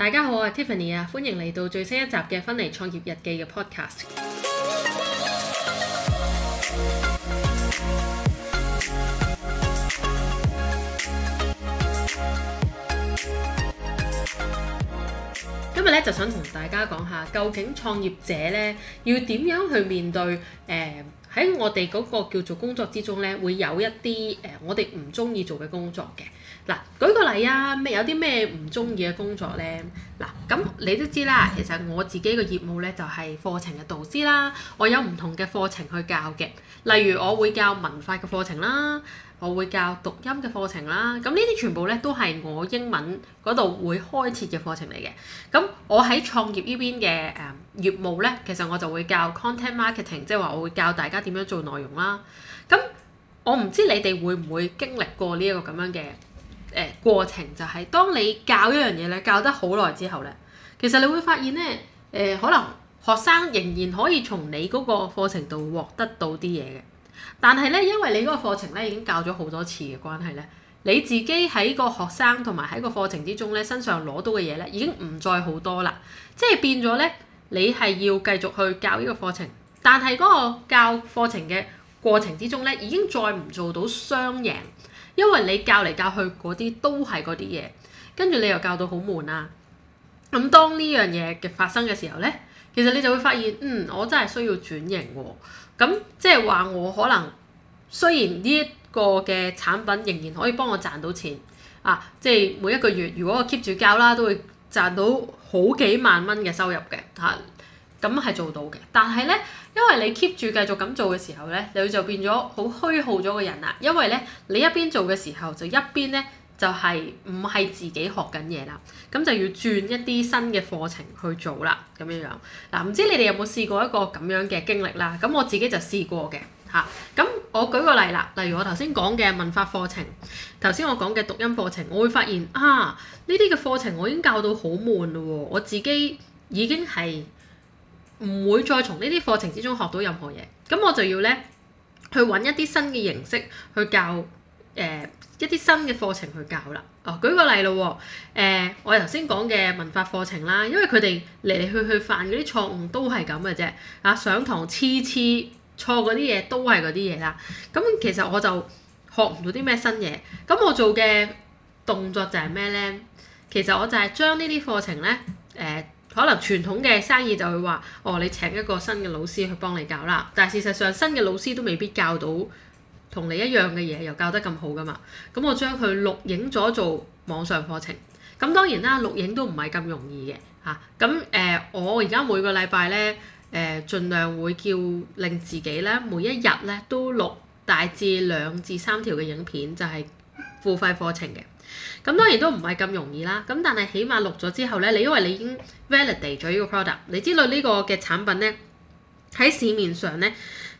大家好，我係 Tiffany 啊，歡迎嚟到最新一集嘅《芬尼創業日記》嘅 Podcast。今日咧就想同大家講下，究竟創業者咧要點樣去面對誒？呃喺我哋嗰個叫做工作之中呢，會有一啲誒、呃，我哋唔中意做嘅工作嘅。嗱，舉個例啊，咩有啲咩唔中意嘅工作呢？嗱，咁、嗯、你都知啦，其實我自己嘅業務呢，就係、是、課程嘅導師啦，我有唔同嘅課程去教嘅，例如我會教文化嘅課程啦。我會教讀音嘅課程啦，咁呢啲全部咧都係我英文嗰度會開設嘅課程嚟嘅。咁我喺創業呢邊嘅誒業務咧，其實我就會教 content marketing，即係話我會教大家點樣做內容啦。咁我唔知你哋會唔會經歷過呢一個咁樣嘅誒、呃、過程，就係、是、當你教一樣嘢咧，教得好耐之後咧，其實你會發現咧，誒、呃、可能學生仍然可以從你嗰個課程度獲得到啲嘢嘅。但係咧，因為你嗰個課程咧已經教咗好多次嘅關係咧，你自己喺個學生同埋喺個課程之中咧身上攞到嘅嘢咧已經唔再好多啦，即係變咗咧，你係要繼續去教呢個課程，但係嗰個教課程嘅過程之中咧已經再唔做到雙贏，因為你教嚟教去嗰啲都係嗰啲嘢，跟住你又教到好悶啦。咁當呢樣嘢嘅發生嘅時候咧，其實你就會發現，嗯，我真係需要轉型喎、哦。咁即係話我可能雖然呢一個嘅產品仍然可以幫我賺到錢啊，即係每一個月如果我 keep 住教啦，都會賺到好幾萬蚊嘅收入嘅嚇，咁、啊、係做到嘅。但係呢，因為你 keep 住繼續咁做嘅時候呢，你就變咗好虛耗咗個人啦。因為呢，你一邊做嘅時候就一邊呢。就係唔係自己學緊嘢啦，咁就要轉一啲新嘅課程去做啦，咁樣樣。嗱，唔知你哋有冇試過一個咁樣嘅經歷啦？咁我自己就試過嘅嚇。咁、啊、我舉個例啦，例如我頭先講嘅文法課程，頭先我講嘅讀音課程，我會發現啊，呢啲嘅課程我已經教到好悶啦喎，我自己已經係唔會再從呢啲課程之中學到任何嘢。咁我就要呢，去揾一啲新嘅形式去教。誒、呃、一啲新嘅課程去教啦。哦，舉個例咯。誒、呃，我頭先講嘅文化課程啦，因為佢哋嚟嚟去去犯嗰啲錯誤都係咁嘅啫。啊，上堂次次錯嗰啲嘢都係嗰啲嘢啦。咁、嗯、其實我就學唔到啲咩新嘢。咁、嗯、我做嘅動作就係咩呢？其實我就係將呢啲課程呢，誒、呃，可能傳統嘅生意就會話：哦，你請一個新嘅老師去幫你教啦。但事實上，新嘅老師都未必教到。同你一樣嘅嘢又教得咁好㗎嘛？咁我將佢錄影咗做網上課程。咁當然啦，錄影都唔係咁容易嘅吓。咁、啊、誒、呃，我而家每個禮拜呢，誒、呃，盡量會叫令自己呢每一日呢都錄大致兩至三條嘅影片，就係、是、付費課程嘅。咁當然都唔係咁容易啦。咁但係起碼錄咗之後呢，你因為你已經 validate 咗呢個 product，你知道呢個嘅產品呢喺市面上呢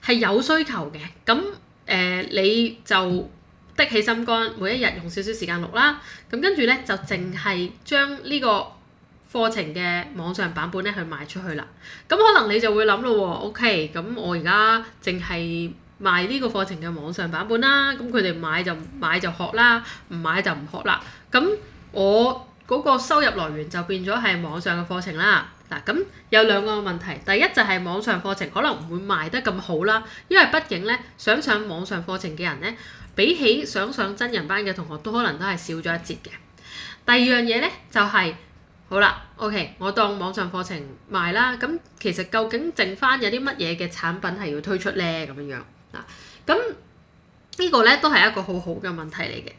係有需求嘅。咁誒、呃、你就的起心肝，每一日用少少時間錄啦。咁、嗯、跟住呢，就淨係將呢個課程嘅網上版本呢去賣出去啦。咁、嗯、可能你就會諗咯、哦、OK？咁、嗯、我而家淨係賣呢個課程嘅網上版本啦。咁佢哋買就買就學啦，唔買就唔學啦。咁、嗯、我。嗰個收入來源就變咗係網上嘅課程啦。嗱，咁有兩個問題，第一就係網上課程可能唔會賣得咁好啦，因為畢竟呢，想上網上課程嘅人呢，比起想上真人班嘅同學，都可能都係少咗一截嘅。第二樣嘢呢，就係、係、好啦，OK，我當網上課程賣啦。咁其實究竟剩翻有啲乜嘢嘅產品係要推出呢？咁樣樣嗱，咁呢、呢個呢，都係一個好好嘅問題嚟嘅。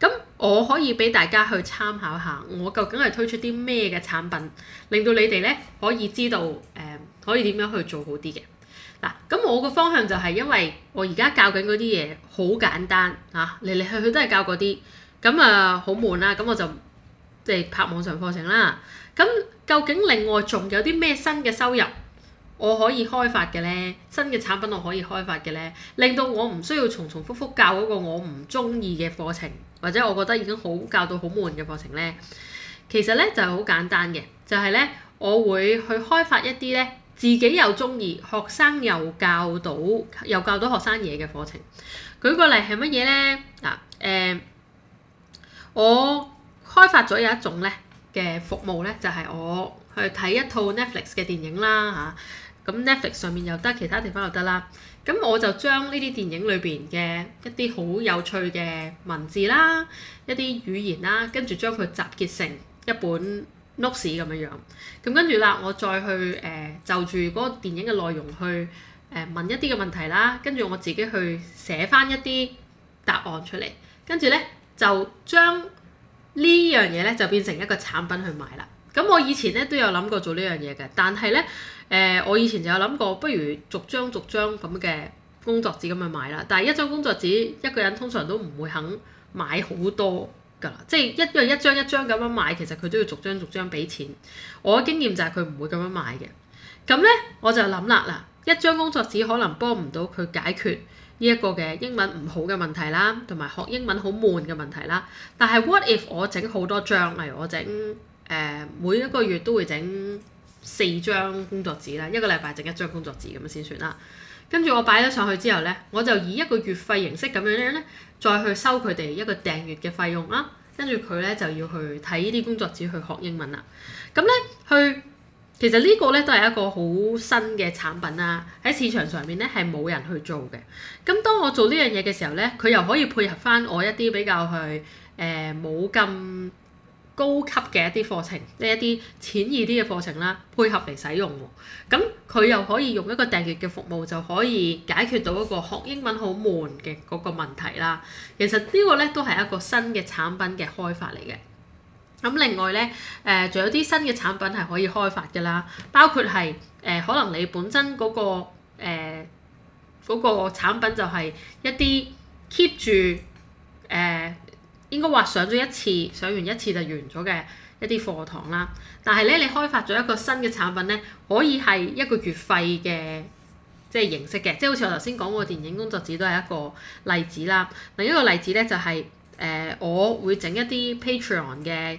咁。我可以俾大家去參考下，我究竟係推出啲咩嘅產品，令到你哋呢可以知道，誒、呃、可以點樣去做好啲嘅嗱。咁、啊、我個方向就係因為我而家教緊嗰啲嘢好簡單嚇，嚟、啊、嚟去去都係教嗰啲咁啊，好悶啦。咁我就即係、就是、拍網上課程啦。咁、啊、究竟另外仲有啲咩新嘅收入我可以開發嘅呢？新嘅產品我可以開發嘅呢？令到我唔需要重重複複教嗰個我唔中意嘅課程。或者我覺得已經好教到好悶嘅課程呢，其實呢就係、是、好簡單嘅，就係、是、呢：我會去開發一啲呢自己又中意、學生又教到、又教到學生嘢嘅課程。舉個例係乜嘢呢？嗱、啊，誒、呃，我開發咗有一種呢嘅服務呢，就係、是、我去睇一套 Netflix 嘅電影啦嚇，咁、啊、Netflix 上面又得，其他地方又得啦。咁我就將呢啲電影裏邊嘅一啲好有趣嘅文字啦，一啲語言啦，跟住將佢集結成一本 notes 咁樣樣。咁跟住啦，我再去誒、呃、就住嗰個電影嘅內容去誒、呃、問一啲嘅問題啦，跟住我自己去寫翻一啲答案出嚟，跟住呢，就將呢樣嘢呢，就變成一個產品去賣啦。咁我以前咧都有諗過做呢樣嘢嘅，但係呢，誒、呃，我以前就有諗過，不如逐張逐張咁嘅工作紙咁樣買啦。但係一張工作紙，一個人通常都唔會肯買好多㗎喇，即係一樣一張一張咁樣買，其實佢都要逐張逐張俾錢。我經驗就係佢唔會咁樣買嘅。咁呢，我就諗啦嗱，一張工作紙可能幫唔到佢解決呢一個嘅英文唔好嘅問題啦，同埋學英文好悶嘅問題啦。但係 what if 我整好多張？例如我整。誒、呃、每一個月都會整四張工作紙啦，一個禮拜整一張工作紙咁樣先算啦。跟住我擺咗上去之後呢，我就以一個月費形式咁樣樣咧，再去收佢哋一個訂閱嘅費用啦。跟住佢呢，就要去睇呢啲工作紙去學英文啦。咁呢，去其實呢個呢，都係一個好新嘅產品啦，喺市場上面呢，係冇人去做嘅。咁當我做呢樣嘢嘅時候呢，佢又可以配合返我一啲比較去冇咁。呃高級嘅一啲課程，呢一啲淺易啲嘅課程啦，配合嚟使用喎。咁佢又可以用一個訂閱嘅服務，就可以解決到一個學英文好悶嘅嗰個問題啦。其實呢個呢，都係一個新嘅產品嘅開發嚟嘅。咁另外呢，誒、呃、仲有啲新嘅產品係可以開發嘅啦，包括係誒、呃、可能你本身嗰、嗰個誒嗰、呃嗰個、產品就係一啲 keep 住誒。呃應該話上咗一次，上完一次就完咗嘅一啲課堂啦。但係咧，你開發咗一個新嘅產品咧，可以係一個月費嘅即係形式嘅，即係好似我頭先講個電影工作紙都係一個例子啦。另一個例子咧就係、是、誒、呃，我會整一啲 Patreon 嘅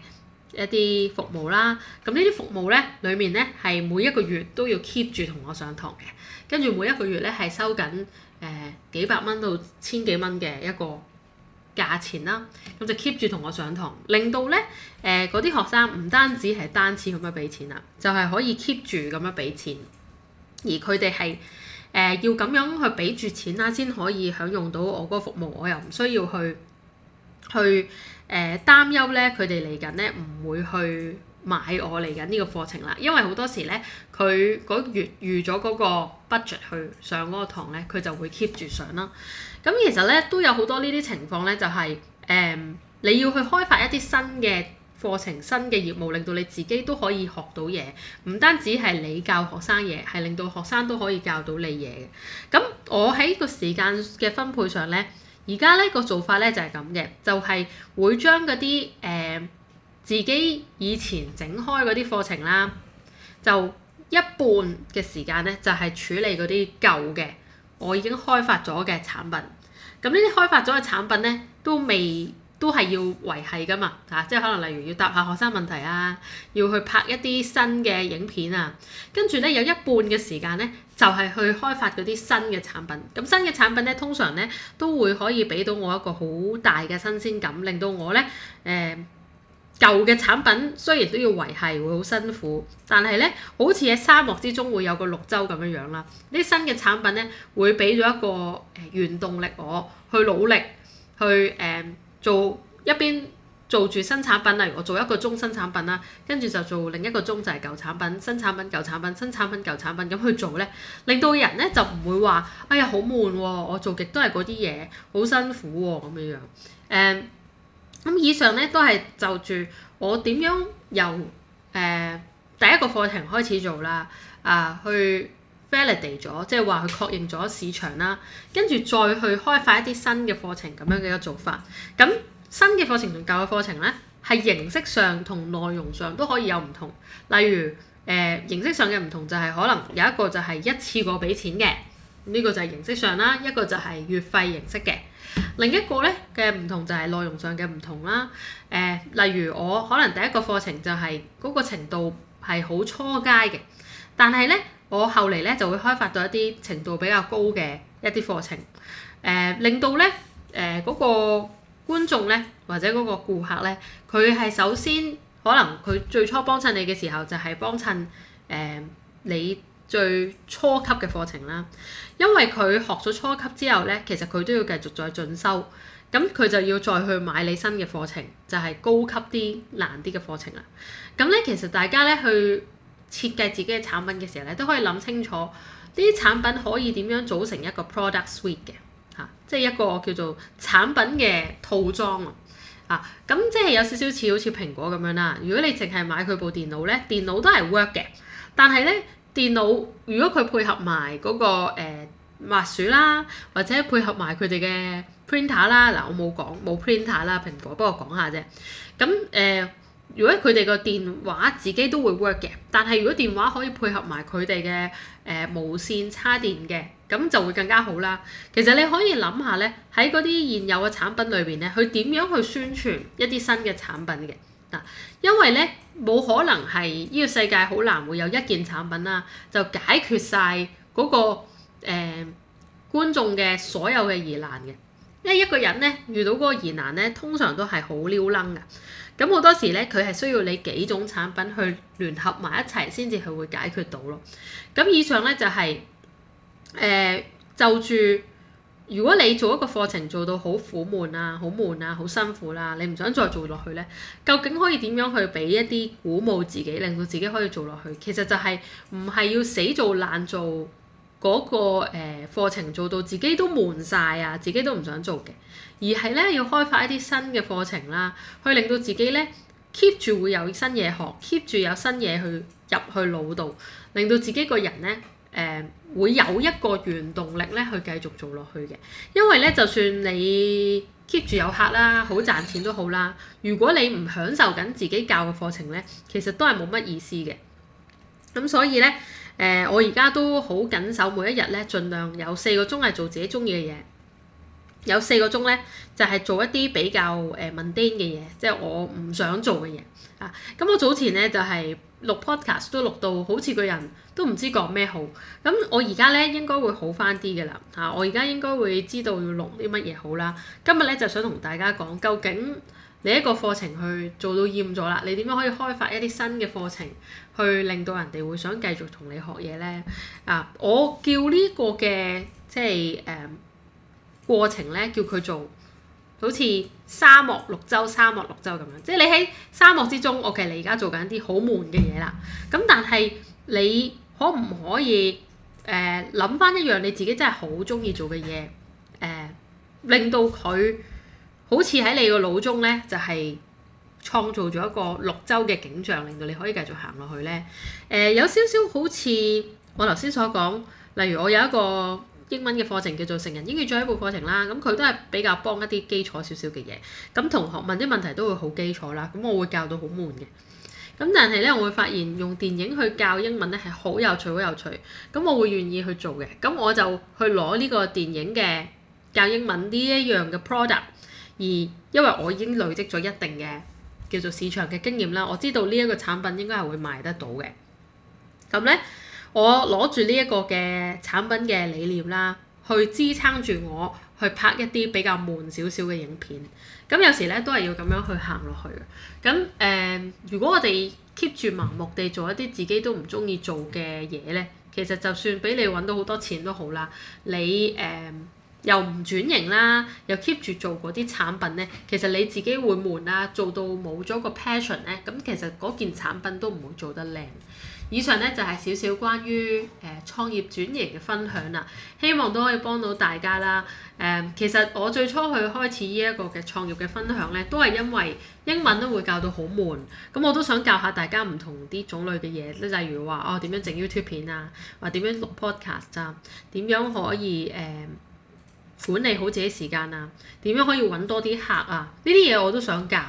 一啲服務啦。咁呢啲服務咧，裡面咧係每一個月都要 keep 住同我上堂嘅，跟住每一個月咧係收緊誒、呃、幾百蚊到千幾蚊嘅一個。價錢啦，咁就 keep 住同我上堂，令到咧誒嗰啲學生唔單止係單次咁樣俾錢啦，就係、是、可以 keep 住咁樣俾錢，而佢哋係誒要咁樣去俾住錢啦，先可以享用到我嗰個服務，我又唔需要去去誒、呃、擔憂咧，佢哋嚟緊咧唔會去買我嚟緊呢個課程啦，因為好多時呢，佢嗰月預咗嗰個 budget 去上嗰個堂呢，佢就會 keep 住上啦。咁、嗯、其實呢，都有好多呢啲情況呢，就係、是、誒、嗯、你要去開發一啲新嘅課程、新嘅業務，令到你自己都可以學到嘢，唔單止係你教學生嘢，係令到學生都可以教到你嘢嘅。咁、嗯、我喺個時間嘅分配上呢，而家呢、這個做法呢，就係咁嘅，就係、是、會將嗰啲誒。嗯自己以前整開嗰啲課程啦，就一半嘅時間呢，就係、是、處理嗰啲舊嘅我已經開發咗嘅產品。咁呢啲開發咗嘅產品呢，都未都係要維繫噶嘛嚇、啊，即係可能例如要答下學生問題啊，要去拍一啲新嘅影片啊，跟住呢，有一半嘅時間呢，就係、是、去開發嗰啲新嘅產品。咁新嘅產品呢，通常呢，都會可以俾到我一個好大嘅新鮮感，令到我呢，誒、呃。舊嘅產品雖然都要維係會好辛苦，但係呢，好似喺沙漠之中會有個綠洲咁樣樣啦。呢，新嘅產品呢，會俾咗一個誒、呃、原動力我去努力去誒、呃、做，一邊做住新產品，例如我做一個鐘新產品啦，跟住就做另一個鐘就係舊產品、新產品、舊產品、新產品、舊產品咁去做呢，令到人呢，就唔會話哎呀好悶喎，我做極都係嗰啲嘢，好辛苦喎、哦、咁樣樣誒。嗯嗯咁以上咧都係就住我點樣由誒、呃、第一個課程開始做啦，啊、呃、去 validate 咗，即係話佢確認咗市場啦，跟住再去開發一啲新嘅課程咁樣嘅一個做法。咁、嗯、新嘅課程同舊嘅課程呢，係形式上同內容上都可以有唔同。例如誒、呃、形式上嘅唔同就係可能有一個就係一次過俾錢嘅，呢、呢個就係形式上啦；一個就係月費形式嘅。另一個咧嘅唔同就係內容上嘅唔同啦、啊，誒、呃，例如我可能第一個課程就係、是、嗰、那個程度係好初階嘅，但係咧我後嚟咧就會開發到一啲程度比較高嘅一啲課程，誒、呃、令到咧誒嗰個觀眾咧或者嗰個顧客咧，佢係首先可能佢最初幫襯你嘅時候就係幫襯誒你。最初級嘅課程啦，因為佢學咗初級之後呢，其實佢都要繼續再進修，咁佢就要再去買你新嘅課程，就係高級啲難啲嘅課程啦。咁呢，其實大家呢去設計自己嘅產品嘅時候呢，都可以諗清楚呢啲產品可以點樣組成一個 product suite 嘅，嚇、啊，即係一個我叫做產品嘅套裝啊。啊，咁即係有少少似好似蘋果咁樣啦。如果你淨係買佢部電腦呢，電腦都係 work 嘅，但係呢。電腦如果佢配合埋嗰、那個、呃、滑鼠啦，或者配合埋佢哋嘅 printer 啦，嗱，我冇講冇 printer 啦，蘋果不過講下啫。咁誒、呃，如果佢哋個電話自己都會 work 嘅，但係如果電話可以配合埋佢哋嘅誒無線叉電嘅，咁就會更加好啦。其實你可以諗下咧，喺嗰啲現有嘅產品裏邊咧，佢點樣去宣傳一啲新嘅產品嘅？因為咧冇可能係呢、這個世界好難會有一件產品啦，就解決晒嗰、那個誒、呃、觀眾嘅所有嘅疑難嘅。因為一個人咧遇到嗰個疑難咧，通常都係好撩楞㗎。咁、嗯、好多時咧，佢係需要你幾種產品去聯合埋一齊，先至佢會解決到咯。咁、嗯、以上咧就係、是、誒、呃、就住。如果你做一個課程做到好苦悶啊、好悶啊、好辛苦啦、啊，你唔想再做落去呢？究竟可以點樣去俾一啲鼓舞自己，令到自己可以做落去？其實就係唔係要死做、爛做嗰個誒課程做到自己都悶晒啊，自己都唔想做嘅，而係呢，要開發一啲新嘅課程啦，去令到自己呢 keep 住會有新嘢學，keep 住有新嘢去入去腦度，令到自己個人呢，誒會有一個原動力咧去繼續做落去嘅，因為咧就算你 keep 住有客啦，好賺錢都好啦，如果你唔享受緊自己教嘅課程咧，其實都係冇乜意思嘅。咁所以咧，誒、呃、我而家都好緊守每一日咧，盡量有四個鐘係做自己鍾意嘅嘢。有四個鐘呢，就係、是、做一啲比較誒 mundane 嘅嘢，即係我唔想做嘅嘢啊！咁我早前呢，就係、是、錄 podcast 都錄到好似個人都唔知講咩好。咁、啊、我而家呢，應該會好翻啲㗎啦嚇！我而家應該會知道要錄啲乜嘢好啦。今日呢，就是、想同大家講，究竟你一個課程去做到厭咗啦，你點樣可以開發一啲新嘅課程去令到人哋會想繼續同你學嘢呢？啊？我叫呢個嘅即係誒。呃過程咧叫佢做好似沙漠綠洲、沙漠綠洲咁樣，即係你喺沙漠之中，我其實你而家做緊啲好悶嘅嘢啦。咁但係你可唔可以誒諗返一樣你自己真係好中意做嘅嘢誒，令到佢好似喺你個腦中咧就係、是、創造咗一個綠洲嘅景象，令到你可以繼續行落去咧。誒、呃、有少少好似我頭先所講，例如我有一個。英文嘅課程叫做成人英語進一步課程啦，咁佢都係比較幫一啲基礎少少嘅嘢，咁同學問啲問題都會好基礎啦，咁我會教到好悶嘅。咁但係呢，我會發現用電影去教英文呢係好有趣，好有趣。咁我會願意去做嘅。咁我就去攞呢個電影嘅教英文呢一樣嘅 product，而因為我已經累積咗一定嘅叫做市場嘅經驗啦，我知道呢一個產品應該係會賣得到嘅。咁呢。我攞住呢一個嘅產品嘅理念啦，去支撐住我去拍一啲比較悶少少嘅影片。咁有時咧都係要咁樣去行落去嘅。咁誒、呃，如果我哋 keep 住盲目地做一啲自己都唔中意做嘅嘢咧，其實就算俾你揾到好多錢都好啦，你誒、呃、又唔轉型啦，又 keep 住做嗰啲產品咧，其實你自己會悶啦、啊，做到冇咗個 passion 咧，咁其實嗰件產品都唔會做得靚。以上咧就係少少關於誒、呃、創業轉型嘅分享啦，希望都可以幫到大家啦。誒、呃，其實我最初去開始呢一個嘅創業嘅分享呢，都係因為英文都會教到好悶，咁我都想教下大家唔同啲種類嘅嘢，例如話哦點樣整 YouTube 片啊，或者點樣錄 Podcast 啊，點樣可以誒、呃管理好自己時間啊，點樣可以揾多啲客啊？呢啲嘢我都想教，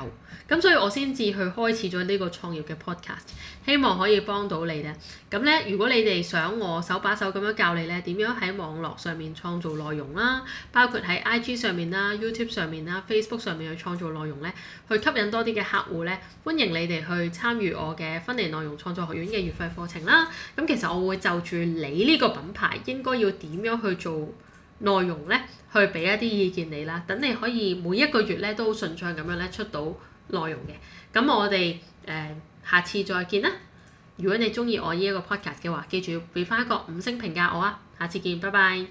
咁所以我先至去開始咗呢個創業嘅 podcast，希望可以幫到你呢。咁呢，如果你哋想我手把手咁樣教你呢，點樣喺網絡上面創造內容啦，包括喺 IG 上面啦、YouTube 上面啦、Facebook 上面去創造內容呢，去吸引多啲嘅客戶呢，歡迎你哋去參與我嘅芬尼內容創作學院嘅月費課程啦。咁其實我會就住你呢個品牌應該要點樣去做。內容咧，去俾一啲意見你啦，等你可以每一個月咧都好順暢咁樣咧出到內容嘅。咁我哋誒、呃、下次再見啦。如果你中意我呢一個 podcast 嘅話，記住要俾翻一個五星評價我啊。下次見，拜拜。